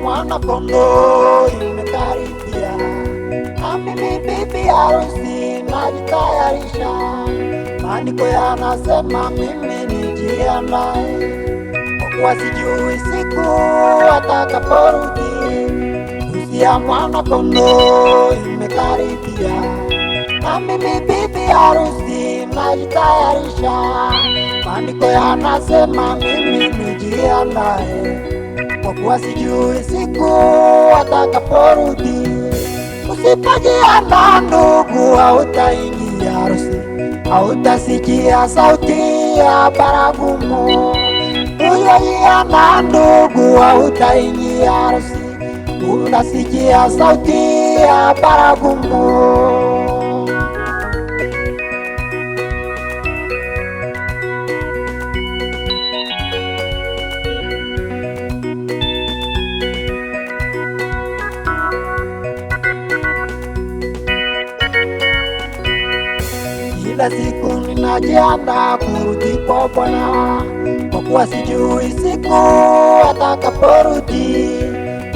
mwana kondoo imekaribia, amebebe harusi najitayarisha, maandiko yanasema mimi nijiandae, kwa kuwa sijui siku atakaporudi. Siku ya Mwana-Kondoo imekaribia, na mimi bibi harusi najitayarisha, maandiko yanasema mimi nijiandae, kwa kuwa sijui siku atakaporudi Usipige na ndugu, hautaingia harusi, hautasikia sauti ya baragumu. Uyoia ndugu, hautaingia harusi, unasikia sauti ya baragumu. kila siku ninajianda kurudi kwa Bwana, kwa kuwa sijui siku atakaporudi.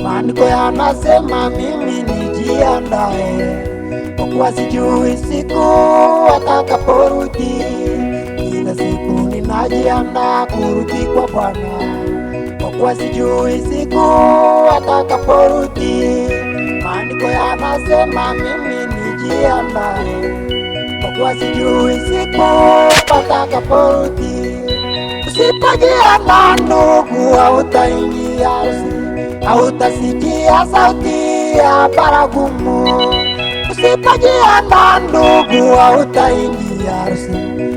Maandiko yanasema mimi nijiandae, kwa kuwa sijui siku atakaporudi. Kila siku ninajianda kurudi kwa Bwana, kwa kuwa sijui siku atakaporudi. Maandiko yanasema mimi nijiandae watu wasijui siku mpaka kapoti. Usipojia mandugu, hautaingia hautasikia sauti ya baragumu. Usipojia mandugu, hautaingia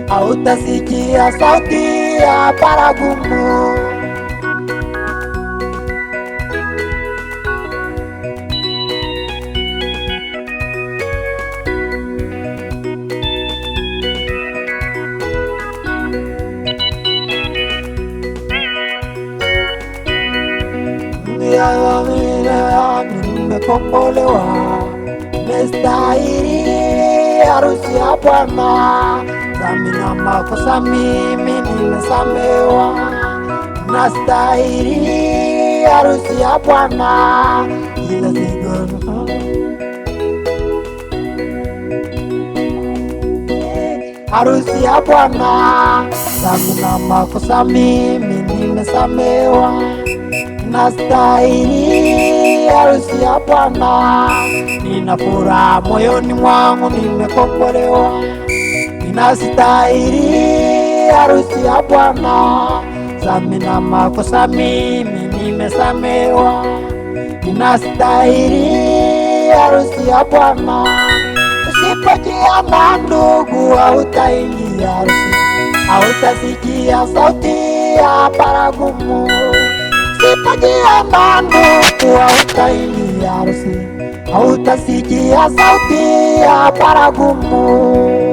hautasikia sauti ya baragumu. Sijawa mina nimepopolewa, mestahiri harusi ya harusi ya Bwana. Ila makosa mimi nimesamewa Nastahili harusi ya Bwana, nina furaha moyoni mwangu, nimekombolewa. Ninastahili harusi ya Bwana, dhambi na makosa mimi nimesamewa. Ninastahili harusi ya Bwana, usipojiana ndugu, hautaingia harusi, hautasikia sauti ya baragumu. Usipotia manu wa utaili arusi, hautasikia sauti ya baragumu.